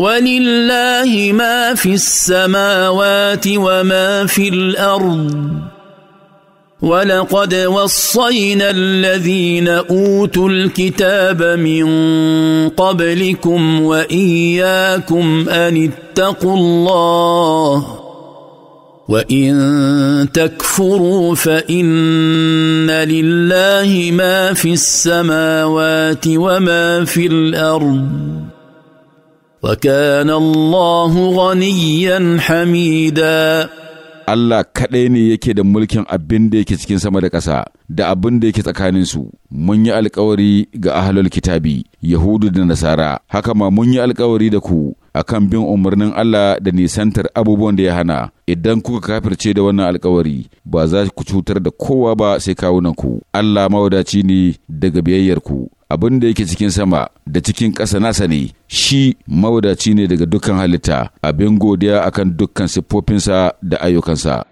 ولله ما في السماوات وما في الارض ولقد وصينا الذين اوتوا الكتاب من قبلكم واياكم ان اتقوا الله وان تكفروا فان لله ما في السماوات وما في الارض وكان الله غنيا حميدا Allah kaɗai ne yake da mulkin abin da yake cikin sama da ƙasa da abin da yake tsakaninsu, mun yi alkawari ga ahlul kitabi, Yahudu da Nasara, haka ma mun yi alkawari da ku akan bin umarnin Allah da nisantar abubuwan da ya hana, idan kuka kafirce da wannan alkawari ba za ku cutar da kowa ba sai kawunanku, Allah mawadaci ne daga biyayyar ku abin da yake cikin sama da cikin ƙasa nasa ne shi mawadaci ne daga dukkan halitta abin godiya akan dukkan siffofinsa da ayyukansa